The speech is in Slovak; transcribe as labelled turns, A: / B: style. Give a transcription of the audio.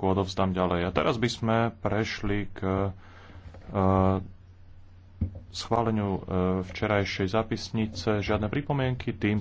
A: chvíľku odovzdám ďalej. A teraz by sme prešli k e, schváleniu e, včerajšej zapisnice. Žiadne pripomienky tým